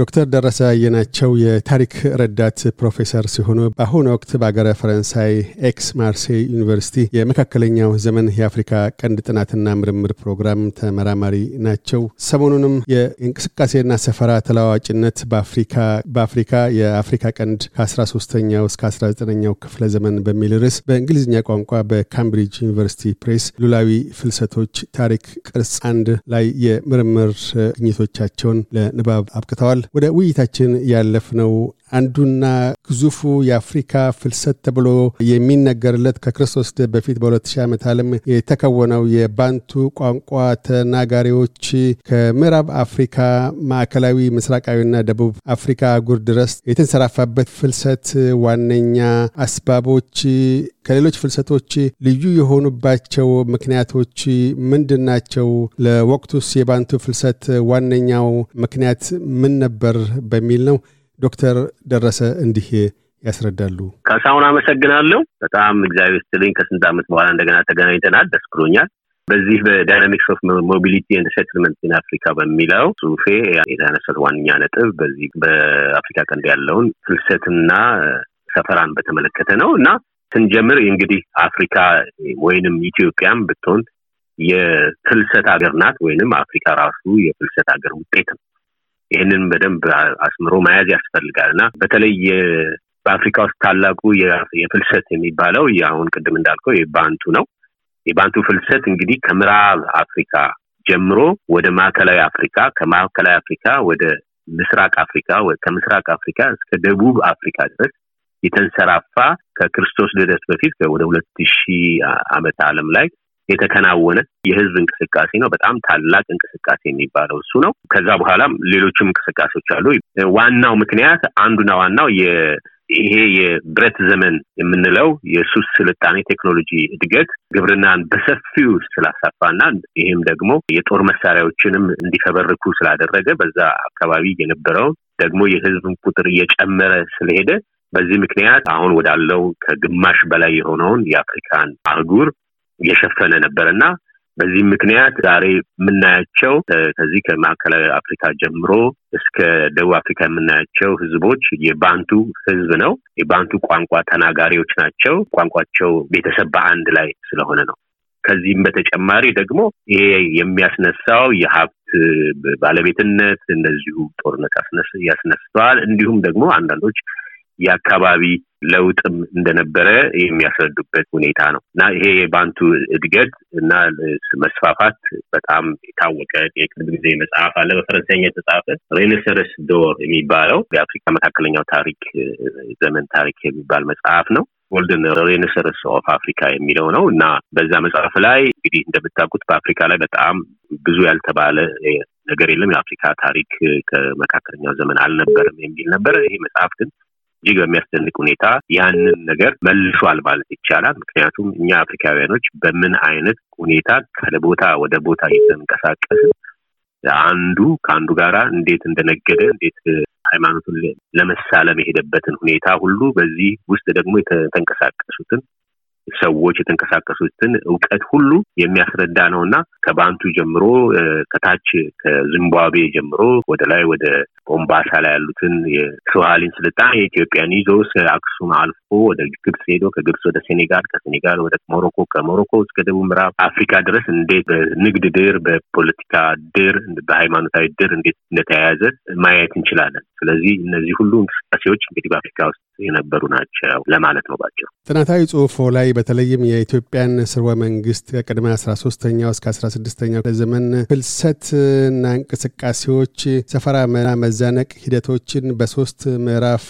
ዶክተር ደረሰ አየናቸው የታሪክ ረዳት ፕሮፌሰር ሲሆኑ በአሁኑ ወቅት በአገረ ፈረንሳይ ኤክስ ማርሴይ ዩኒቨርሲቲ የመካከለኛው ዘመን የአፍሪካ ቀንድ ጥናትና ምርምር ፕሮግራም ተመራማሪ ናቸው። ሰሞኑንም የእንቅስቃሴና ሰፈራ ተለዋዋጭነት በአፍሪካ የአፍሪካ ቀንድ ከ13ኛው እስከ 19ኛው ክፍለ ዘመን በሚል ርዕስ በእንግሊዝኛ ቋንቋ በካምብሪጅ ዩኒቨርሲቲ ፕሬስ ሉላዊ ፍልሰቶች ታሪክ ቅርጽ አንድ ላይ የምርምር ግኝቶቻቸውን ለንባብ አብቅተዋል። ወደ ውይይታችን ያለፍነው አንዱና ግዙፉ የአፍሪካ ፍልሰት ተብሎ የሚነገርለት ከክርስቶስ በፊት በ2000 ዓመት ዓለም የተከወነው የባንቱ ቋንቋ ተናጋሪዎች ከምዕራብ አፍሪካ ማዕከላዊ ምስራቃዊና ደቡብ አፍሪካ አጉር ድረስ የተንሰራፋበት ፍልሰት ዋነኛ አስባቦች ከሌሎች ፍልሰቶች ልዩ የሆኑባቸው ምክንያቶች ምንድን ናቸው? ለወቅቱስ የባንቱ ፍልሰት ዋነኛው ምክንያት ምን ነበር? በሚል ነው። ዶክተር ደረሰ እንዲህ ያስረዳሉ። ከሳሁን አመሰግናለሁ። በጣም እግዚአብሔር ስትልኝ ከስንት ዓመት በኋላ እንደገና ተገናኝተናል። ደስ ብሎኛል። በዚህ በዳይናሚክስ ኦፍ ሞቢሊቲ ን ሴትልመንት ኢን አፍሪካ በሚለው ጽሁፌ የተነሰት ዋነኛ ነጥብ በዚህ በአፍሪካ ቀንድ ያለውን ፍልሰትና ሰፈራን በተመለከተ ነው እና ስንጀምር እንግዲህ አፍሪካ ወይንም ኢትዮጵያም ብትሆን የፍልሰት ሀገር ናት፣ ወይንም አፍሪካ ራሱ የፍልሰት ሀገር ውጤት ነው። ይህንን በደንብ አስምሮ መያዝ ያስፈልጋል እና በተለይ በአፍሪካ ውስጥ ታላቁ የፍልሰት የሚባለው አሁን ቅድም እንዳልከው የባንቱ ነው። የባንቱ ፍልሰት እንግዲህ ከምዕራብ አፍሪካ ጀምሮ ወደ ማዕከላዊ አፍሪካ፣ ከማዕከላዊ አፍሪካ ወደ ምስራቅ አፍሪካ፣ ከምስራቅ አፍሪካ እስከ ደቡብ አፍሪካ ድረስ የተንሰራፋ ከክርስቶስ ልደት በፊት ወደ ሁለት ሺህ ዓመተ አለም ላይ የተከናወነ የህዝብ እንቅስቃሴ ነው። በጣም ታላቅ እንቅስቃሴ የሚባለው እሱ ነው። ከዛ በኋላም ሌሎችም እንቅስቃሴዎች አሉ። ዋናው ምክንያት አንዱና ዋናው ይሄ የብረት ዘመን የምንለው የሱስ ስልጣኔ ቴክኖሎጂ እድገት ግብርናን በሰፊው ስላሳፋና ይህም ደግሞ የጦር መሳሪያዎችንም እንዲፈበርኩ ስላደረገ በዛ አካባቢ የነበረውን ደግሞ የህዝብ ቁጥር እየጨመረ ስለሄደ በዚህ ምክንያት አሁን ወዳለው ከግማሽ በላይ የሆነውን የአፍሪካን አህጉር የሸፈነ ነበር እና በዚህም ምክንያት ዛሬ የምናያቸው ከዚህ ከማዕከላዊ አፍሪካ ጀምሮ እስከ ደቡብ አፍሪካ የምናያቸው ህዝቦች የባንቱ ህዝብ ነው። የባንቱ ቋንቋ ተናጋሪዎች ናቸው። ቋንቋቸው ቤተሰብ በአንድ ላይ ስለሆነ ነው። ከዚህም በተጨማሪ ደግሞ ይሄ የሚያስነሳው የሀብት ባለቤትነት እንደዚሁ ጦርነት ያስነስተዋል። እንዲሁም ደግሞ አንዳንዶች የአካባቢ ለውጥም እንደነበረ የሚያስረዱበት ሁኔታ ነው እና ይሄ የባንቱ እድገት እና መስፋፋት በጣም የታወቀ የቅርብ ጊዜ መጽሐፍ አለ በፈረንሳይኛ የተጻፈ ሬኔሰረስ ዶር የሚባለው የአፍሪካ መካከለኛው ታሪክ ዘመን ታሪክ የሚባል መጽሐፍ ነው። ጎልደን ሬኔሰረስ ኦፍ አፍሪካ የሚለው ነው እና በዛ መጽሐፍ ላይ እንግዲህ እንደምታውቁት በአፍሪካ ላይ በጣም ብዙ ያልተባለ ነገር የለም። የአፍሪካ ታሪክ ከመካከለኛው ዘመን አልነበርም የሚል ነበር። ይህ መጽሐፍ ግን እጅግ በሚያስደንቅ ሁኔታ ያንን ነገር መልሷል ማለት ይቻላል። ምክንያቱም እኛ አፍሪካውያኖች በምን አይነት ሁኔታ ከቦታ ወደ ቦታ እየተንቀሳቀስን አንዱ ከአንዱ ጋራ እንዴት እንደነገደ እንዴት ሃይማኖቱን ለመሳለም የሄደበትን ሁኔታ ሁሉ በዚህ ውስጥ ደግሞ የተንቀሳቀሱትን ሰዎች የተንቀሳቀሱትን እውቀት ሁሉ የሚያስረዳ ነው እና ከባንቱ ጀምሮ ከታች ከዚምባብዌ ጀምሮ ወደ ላይ ወደ ሞምባሳ ላይ ያሉትን የስዋሊን ስልጣን የኢትዮጵያን ይዞ ከአክሱም አልፎ ወደ ግብጽ ሄዶ ከግብጽ ወደ ሴኔጋል ከሴኔጋል ወደ ሞሮኮ ከሞሮኮ እስከ ደቡብ ምዕራብ አፍሪካ ድረስ እንዴት በንግድ ድር፣ በፖለቲካ ድር፣ በሃይማኖታዊ ድር እንዴት እንደተያያዘ ማየት እንችላለን። ስለዚህ እነዚህ ሁሉ እንቅስቃሴዎች እንግዲህ በአፍሪካ ውስጥ የነበሩ ናቸው ለማለት ነው ባቸው። ጥናታዊ ጽሁፎ ላይ በተለይም የኢትዮጵያን ስርወ መንግስት ከቅድመ አስራ ሶስተኛው እስከ አስራ ስድስተኛው ዘመን ፍልሰትና እንቅስቃሴዎች ሰፈራና መዛነቅ ሂደቶችን በሶስት ምዕራፍ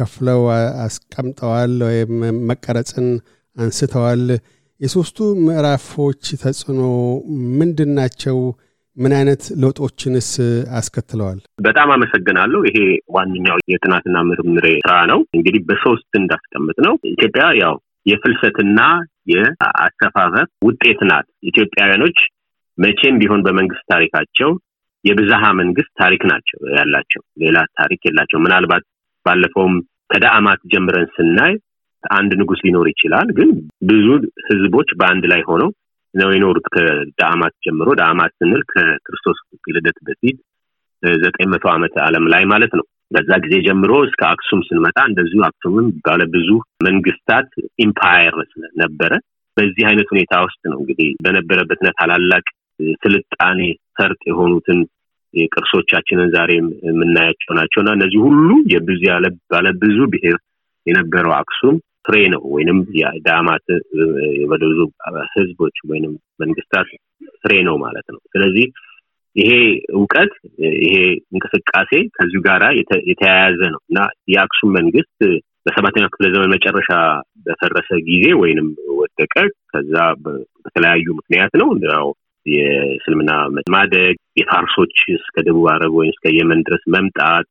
ከፍለው አስቀምጠዋል ወይም መቀረጽን አንስተዋል። የሶስቱ ምዕራፎች ተጽዕኖ ምንድን ናቸው? ምን አይነት ለውጦችንስ አስከትለዋል? በጣም አመሰግናለሁ። ይሄ ዋነኛው የጥናትና ምርምሬ ስራ ነው። እንግዲህ በሶስት እንዳስቀምጥ ነው። ኢትዮጵያ ያው የፍልሰትና የአሰፋፈር ውጤት ናት። ኢትዮጵያውያኖች መቼም ቢሆን በመንግስት ታሪካቸው የብዝሃ መንግስት ታሪክ ናቸው ያላቸው፣ ሌላ ታሪክ የላቸው። ምናልባት ባለፈውም ከዳዕማት ጀምረን ስናይ አንድ ንጉስ ሊኖር ይችላል፣ ግን ብዙ ህዝቦች በአንድ ላይ ሆነው ነው የኖሩት ከዳአማት ጀምሮ። ዳአማት ስንል ከክርስቶስ ልደት በፊት ዘጠኝ መቶ ዓመት አለም ላይ ማለት ነው። በዛ ጊዜ ጀምሮ እስከ አክሱም ስንመጣ እንደዚሁ አክሱምም ባለ ብዙ መንግስታት ኢምፓየር ነበረ። በዚህ አይነት ሁኔታ ውስጥ ነው እንግዲህ ነ ታላላቅ ስልጣኔ ሰርጥ የሆኑትን ቅርሶቻችንን ዛሬ የምናያቸው ናቸውና እነዚህ ሁሉ የብዙ ባለብዙ ብሔር የነበረው አክሱም ፍሬ ነው ወይንም የዳማት የበደዙ ህዝቦች ወይንም መንግስታት ፍሬ ነው ማለት ነው። ስለዚህ ይሄ እውቀት ይሄ እንቅስቃሴ ከዚሁ ጋራ የተያያዘ ነው እና የአክሱም መንግስት በሰባተኛ ክፍለ ዘመን መጨረሻ በፈረሰ ጊዜ ወይንም ወደቀ። ከዛ በተለያዩ ምክንያት ነው ያው የስልምና ማደግ፣ የፋርሶች እስከ ደቡብ አረብ ወይም እስከ የመን ድረስ መምጣት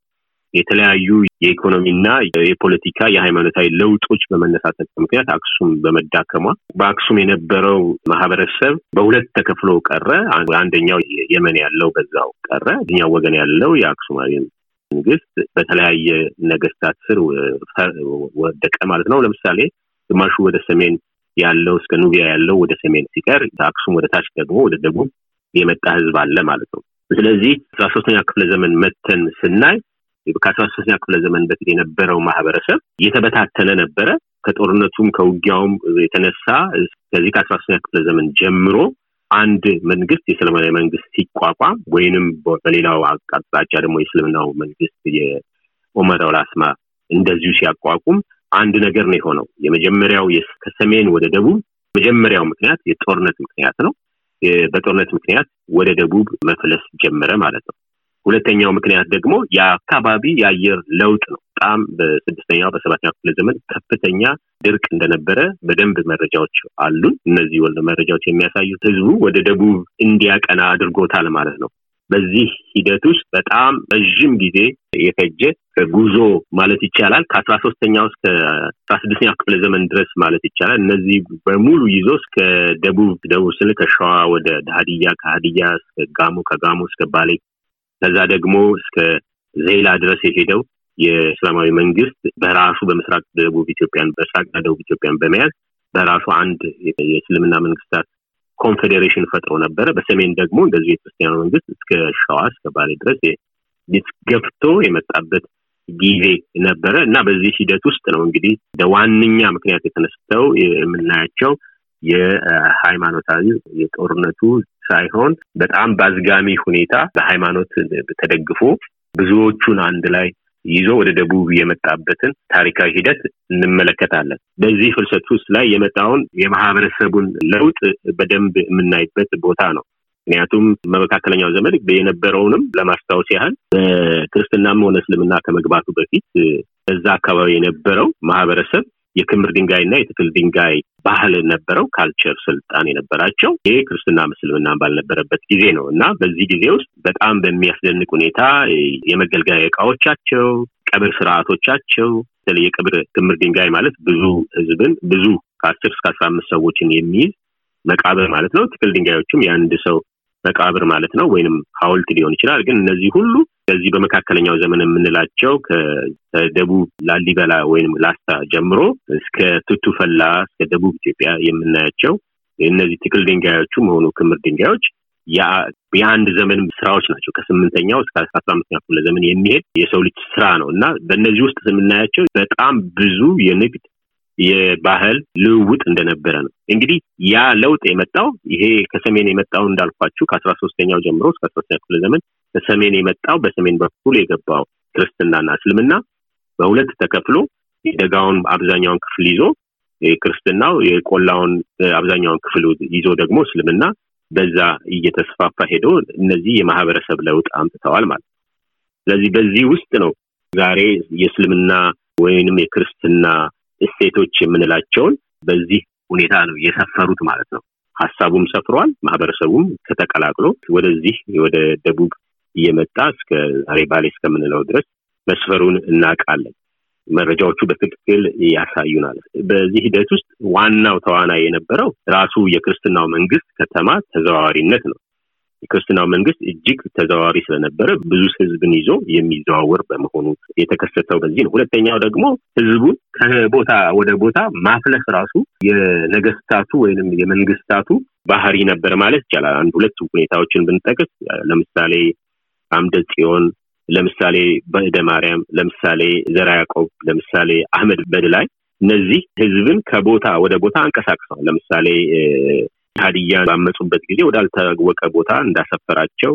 የተለያዩ የኢኮኖሚና የፖለቲካ የሃይማኖታዊ ለውጦች በመነሳታቸው ምክንያት አክሱም በመዳከሟ በአክሱም የነበረው ማህበረሰብ በሁለት ተከፍሎ ቀረ። አንደኛው የመን ያለው በዛው ቀረ። እኛው ወገን ያለው የአክሱማዊ መንግስት በተለያየ ነገስታት ስር ወደቀ ማለት ነው። ለምሳሌ ግማሹ ወደ ሰሜን ያለው እስከ ኑቢያ ያለው ወደ ሰሜን ሲቀር አክሱም ወደ ታች ደግሞ ወደ ደቡብ የመጣ ህዝብ አለ ማለት ነው። ስለዚህ አስራ ሶስተኛ ክፍለ ዘመን መተን ስናይ ከአስራ ሶስተኛ ክፍለ ዘመን በፊት የነበረው ማህበረሰብ እየተበታተነ ነበረ። ከጦርነቱም ከውጊያውም የተነሳ ከዚህ ከአስራ ሶስተኛ ክፍለ ዘመን ጀምሮ አንድ መንግስት የሰለማዊ መንግስት ሲቋቋም ወይንም በሌላው አቅጣጫ ደግሞ የእስልምናው መንግስት የኦመር አልአስማ እንደዚሁ ሲያቋቁም አንድ ነገር ነው የሆነው። የመጀመሪያው ከሰሜን ወደ ደቡብ መጀመሪያው ምክንያት የጦርነት ምክንያት ነው። በጦርነት ምክንያት ወደ ደቡብ መፍለስ ጀመረ ማለት ነው። ሁለተኛው ምክንያት ደግሞ የአካባቢ የአየር ለውጥ ነው። በጣም በስድስተኛው በሰባተኛው ክፍለ ዘመን ከፍተኛ ድርቅ እንደነበረ በደንብ መረጃዎች አሉን። እነዚህ ወ መረጃዎች የሚያሳዩት ህዝቡ ወደ ደቡብ እንዲያቀና አድርጎታል ማለት ነው። በዚህ ሂደት ውስጥ በጣም ረዥም ጊዜ የፈጀ ጉዞ ማለት ይቻላል ከአስራ ሶስተኛው እስከ አስራ ስድስተኛው ክፍለ ዘመን ድረስ ማለት ይቻላል። እነዚህ በሙሉ ይዞ እስከ ደቡብ ደቡብ ስል ከሸዋ ወደ ሀዲያ ከሀዲያ እስከ ጋሞ ከጋሞ እስከ ባሌ ከዛ ደግሞ እስከ ዜላ ድረስ የሄደው የእስላማዊ መንግስት በራሱ በምስራቅ ደቡብ ኢትዮጵያን በምስራቅና ደቡብ ኢትዮጵያን በመያዝ በራሱ አንድ የእስልምና መንግስታት ኮንፌዴሬሽን ፈጥሮ ነበረ። በሰሜን ደግሞ እንደዚሁ የክርስቲያኑ መንግስት እስከ ሸዋ እስከ ባሌ ድረስ ገፍቶ የመጣበት ጊዜ ነበረ እና በዚህ ሂደት ውስጥ ነው እንግዲህ እንደ ዋነኛ ምክንያት የተነስተው የምናያቸው የሃይማኖታዊ የጦርነቱ ሳይሆን በጣም በአዝጋሚ ሁኔታ በሃይማኖት ተደግፎ ብዙዎቹን አንድ ላይ ይዞ ወደ ደቡብ የመጣበትን ታሪካዊ ሂደት እንመለከታለን። በዚህ ፍልሰት ውስጥ ላይ የመጣውን የማህበረሰቡን ለውጥ በደንብ የምናይበት ቦታ ነው። ምክንያቱም በመካከለኛው ዘመን የነበረውንም ለማስታወስ ያህል በክርስትናም ሆነ እስልምና ከመግባቱ በፊት በዛ አካባቢ የነበረው ማህበረሰብ የክምር ድንጋይና የትክል ድንጋይ ባህል ነበረው፣ ካልቸር ስልጣን የነበራቸው ይህ ክርስትና ምስልምና ባልነበረበት ጊዜ ነው እና በዚህ ጊዜ ውስጥ በጣም በሚያስደንቅ ሁኔታ የመገልገያ እቃዎቻቸው፣ ቀብር ስርዓቶቻቸው በተለይ የቅብር ክምር ድንጋይ ማለት ብዙ ህዝብን ብዙ ከአስር እስከ አስራ አምስት ሰዎችን የሚይዝ መቃብር ማለት ነው። ትክል ድንጋዮቹም የአንድ ሰው መቃብር ማለት ነው፣ ወይንም ሀውልት ሊሆን ይችላል። ግን እነዚህ ሁሉ ከዚህ በመካከለኛው ዘመን የምንላቸው ከደቡብ ላሊበላ ወይም ላስታ ጀምሮ እስከ ቱቱ ፈላ እስከ ደቡብ ኢትዮጵያ የምናያቸው እነዚህ ትክል ድንጋዮቹ መሆኑ ክምር ድንጋዮች የአንድ ዘመን ስራዎች ናቸው። ከስምንተኛው እስከ አስራ አምስተኛ ክፍለ ዘመን የሚሄድ የሰው ልጅ ስራ ነው እና በእነዚህ ውስጥ የምናያቸው በጣም ብዙ የንግድ የባህል ልውውጥ እንደነበረ ነው። እንግዲህ ያ ለውጥ የመጣው ይሄ ከሰሜን የመጣው እንዳልኳችሁ ከአስራ ሶስተኛው ጀምሮ እስከ አስራ ክፍለ ዘመን በሰሜን የመጣው በሰሜን በኩል የገባው ክርስትናና እስልምና በሁለት ተከፍሎ የደጋውን አብዛኛውን ክፍል ይዞ ክርስትናው የቆላውን አብዛኛውን ክፍል ይዞ ደግሞ እስልምና በዛ እየተስፋፋ ሄዶ እነዚህ የማህበረሰብ ለውጥ አምጥተዋል ማለት ነው። ስለዚህ በዚህ ውስጥ ነው ዛሬ የእስልምና ወይንም የክርስትና እሴቶች የምንላቸውን በዚህ ሁኔታ ነው የሰፈሩት ማለት ነው። ሀሳቡም ሰፍሯል፣ ማህበረሰቡም ተቀላቅሎ ወደዚህ ወደ ደቡብ እየመጣ እስከ ዛሬ ባሌ እስከምንለው ድረስ መስፈሩን እናውቃለን። መረጃዎቹ በትክክል ያሳዩናል። በዚህ ሂደት ውስጥ ዋናው ተዋናይ የነበረው ራሱ የክርስትናው መንግስት ከተማ ተዘዋዋሪነት ነው። የክርስትናው መንግስት እጅግ ተዘዋዋሪ ስለነበረ ብዙ ህዝብን ይዞ የሚዘዋወር በመሆኑ የተከሰተው በዚህ ነው። ሁለተኛው ደግሞ ህዝቡን ከቦታ ወደ ቦታ ማፍለስ ራሱ የነገስታቱ ወይንም የመንግስታቱ ባህሪ ነበር ማለት ይቻላል። አንድ ሁለቱ ሁኔታዎችን ብንጠቅስ ለምሳሌ አምደ ጽዮን ለምሳሌ በህደ ማርያም ለምሳሌ ዘራ ያዕቆብ ለምሳሌ አህመድ በድላይ እነዚህ ህዝብን ከቦታ ወደ ቦታ አንቀሳቅሰዋል። ለምሳሌ ሀዲያን ባመፁበት ጊዜ ወዳልታወቀ ቦታ እንዳሰፈራቸው፣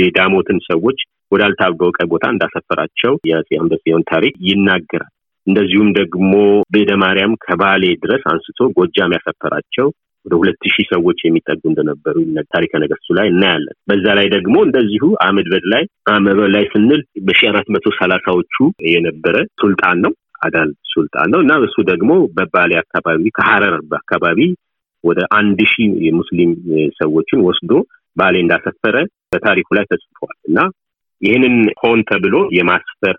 የዳሞትን ሰዎች ወዳልታወቀ ቦታ እንዳሰፈራቸው የአፄ ታሪክ ይናገራል። እንደዚሁም ደግሞ ቤደማርያም ማርያም ከባሌ ድረስ አንስቶ ጎጃም ያሰፈራቸው ወደ ሁለት ሺህ ሰዎች የሚጠጉ እንደነበሩ ታሪከ ነገስቱ ላይ እናያለን። በዛ ላይ ደግሞ እንደዚሁ አመድበድ ላይ አመበ ላይ ስንል በሺ አራት መቶ ሰላሳዎቹ የነበረ ሱልጣን ነው አዳል ሱልጣን ነው እና እሱ ደግሞ በባሌ አካባቢ ከሀረር አካባቢ ወደ አንድ ሺህ የሙስሊም ሰዎችን ወስዶ ባሌ እንዳሰፈረ በታሪኩ ላይ ተጽፏል እና ይህንን ሆን ተብሎ የማስፈር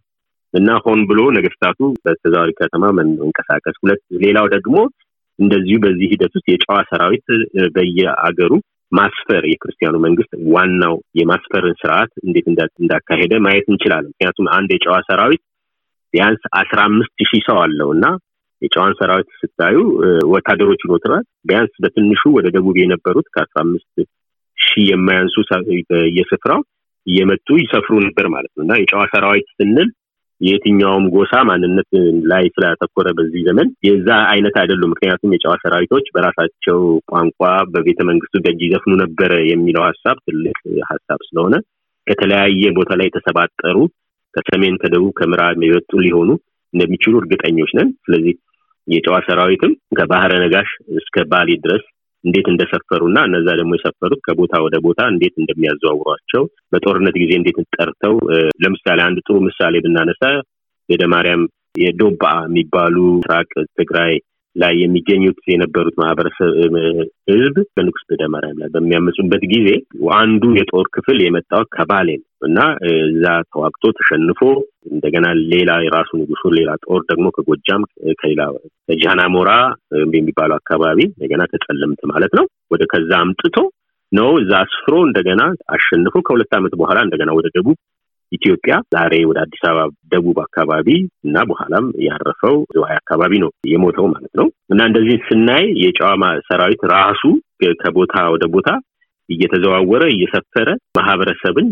እና ሆን ብሎ ነገስታቱ በተዛዋሪ ከተማ መንቀሳቀስ ሁለት ሌላው ደግሞ እንደዚሁ በዚህ ሂደት ውስጥ የጨዋ ሰራዊት በየአገሩ ማስፈር የክርስቲያኑ መንግስት ዋናው የማስፈርን ስርዓት እንዴት እንዳካሄደ ማየት እንችላለን። ምክንያቱም አንድ የጨዋ ሰራዊት ቢያንስ አስራ አምስት ሺህ ሰው አለው እና የጨዋን ሰራዊት ስታዩ ወታደሮች ኖትራል ቢያንስ በትንሹ ወደ ደቡብ የነበሩት ከአስራ አምስት ሺህ የማያንሱ የስፍራው እየመጡ ይሰፍሩ ነበር ማለት ነው እና የጨዋ ሰራዊት ስንል የትኛውም ጎሳ ማንነት ላይ ስላተኮረ በዚህ ዘመን የዛ አይነት አይደሉም። ምክንያቱም የጨዋ ሰራዊቶች በራሳቸው ቋንቋ በቤተ መንግስቱ ደጅ ይዘፍኑ ነበረ የሚለው ሀሳብ ትልቅ ሀሳብ ስለሆነ ከተለያየ ቦታ ላይ የተሰባጠሩ ከሰሜን፣ ከደቡብ፣ ከምዕራብ የወጡ ሊሆኑ እንደሚችሉ እርግጠኞች ነን። ስለዚህ የጨዋ ሰራዊትም ከባህረ ነጋሽ እስከ ባሊ ድረስ እንዴት እንደሰፈሩ እና እነዛ ደግሞ የሰፈሩት ከቦታ ወደ ቦታ እንዴት እንደሚያዘዋውሯቸው በጦርነት ጊዜ እንዴት ጠርተው ለምሳሌ አንድ ጥሩ ምሳሌ ብናነሳ ሄደ ማርያም የዶባ የሚባሉ ራቅ ትግራይ ላይ የሚገኙት የነበሩት ማህበረሰብ ህዝብ በንጉስ በደመራም ላይ በሚያመፁበት ጊዜ አንዱ የጦር ክፍል የመጣው ከባሌ ነው እና እዛ ተዋግቶ ተሸንፎ እንደገና ሌላ የራሱ ንጉሱ ሌላ ጦር ደግሞ ከጎጃም ከሌላ ከጃናሞራ የሚባለው አካባቢ እንደገና ከጠለምት ማለት ነው ወደ ከዛ አምጥቶ ነው እዛ አስፍሮ እንደገና አሸንፎ ከሁለት ዓመት በኋላ እንደገና ወደ ደቡብ ኢትዮጵያ ዛሬ ወደ አዲስ አበባ ደቡብ አካባቢ እና በኋላም ያረፈው ዝዋይ አካባቢ ነው የሞተው ማለት ነው እና እንደዚህ ስናይ የጨዋማ ሰራዊት ራሱ ከቦታ ወደ ቦታ እየተዘዋወረ እየሰፈረ ማህበረሰብን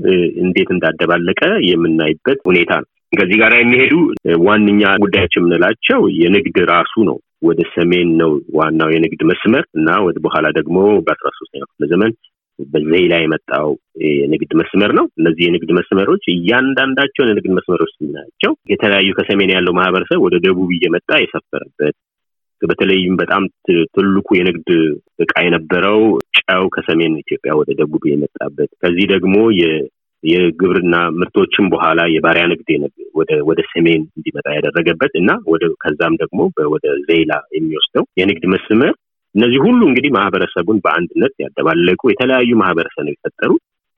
እንዴት እንዳደባለቀ የምናይበት ሁኔታ ነው። ከዚህ ጋር የሚሄዱ ዋነኛ ጉዳዮች የምንላቸው የንግድ ራሱ ነው። ወደ ሰሜን ነው ዋናው የንግድ መስመር እና ወደ በኋላ ደግሞ በአስራ ሶስተኛ ክፍለ ዘመን በዜላ የመጣው የንግድ መስመር ነው። እነዚህ የንግድ መስመሮች እያንዳንዳቸውን የንግድ መስመሮች ስናያቸው የተለያዩ ከሰሜን ያለው ማህበረሰብ ወደ ደቡብ እየመጣ የሰፈረበት በተለይም በጣም ትልቁ የንግድ እቃ የነበረው ጨው ከሰሜን ኢትዮጵያ ወደ ደቡብ የመጣበት ከዚህ ደግሞ የግብርና ምርቶችን በኋላ የባሪያ ንግድ ወደ ሰሜን እንዲመጣ ያደረገበት እና ከዛም ደግሞ ወደ ዜላ የሚወስደው የንግድ መስመር እነዚህ ሁሉ እንግዲህ ማህበረሰቡን በአንድነት ያደባለቁ የተለያዩ ማህበረሰብ ነው የፈጠሩ።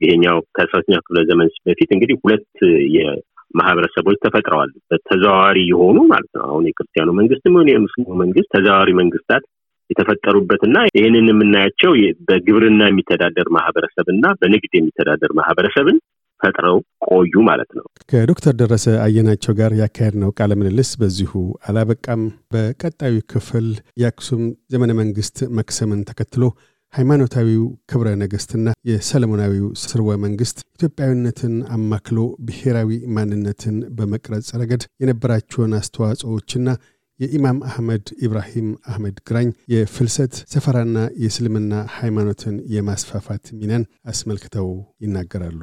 ይሄኛው ከአስራተኛው ክፍለ ዘመን በፊት እንግዲህ ሁለት ማህበረሰቦች ተፈጥረዋል። ተዘዋዋሪ የሆኑ ማለት ነው። አሁን የክርስቲያኑ መንግስት ሆን የሙስሊሙ መንግስት ተዘዋዋሪ መንግስታት የተፈጠሩበትና ይህንን የምናያቸው በግብርና የሚተዳደር ማህበረሰብ እና በንግድ የሚተዳደር ማህበረሰብን ፈጥረው ቆዩ ማለት ነው። ከዶክተር ደረሰ አየናቸው ጋር ነው ቃለ ምልልስ በዚሁ አላበቃም። በቀጣዩ ክፍል የአክሱም ዘመነ መንግስት መክሰምን ተከትሎ ሃይማኖታዊው ክብረ ነገሥትና የሰለሞናዊው ስርወ መንግሥት ኢትዮጵያዊነትን አማክሎ ብሔራዊ ማንነትን በመቅረጽ ረገድ የነበራቸውን አስተዋጽኦዎችና የኢማም አህመድ ኢብራሂም አህመድ ግራኝ የፍልሰት ሰፈራና የእስልምና ሃይማኖትን የማስፋፋት ሚናን አስመልክተው ይናገራሉ።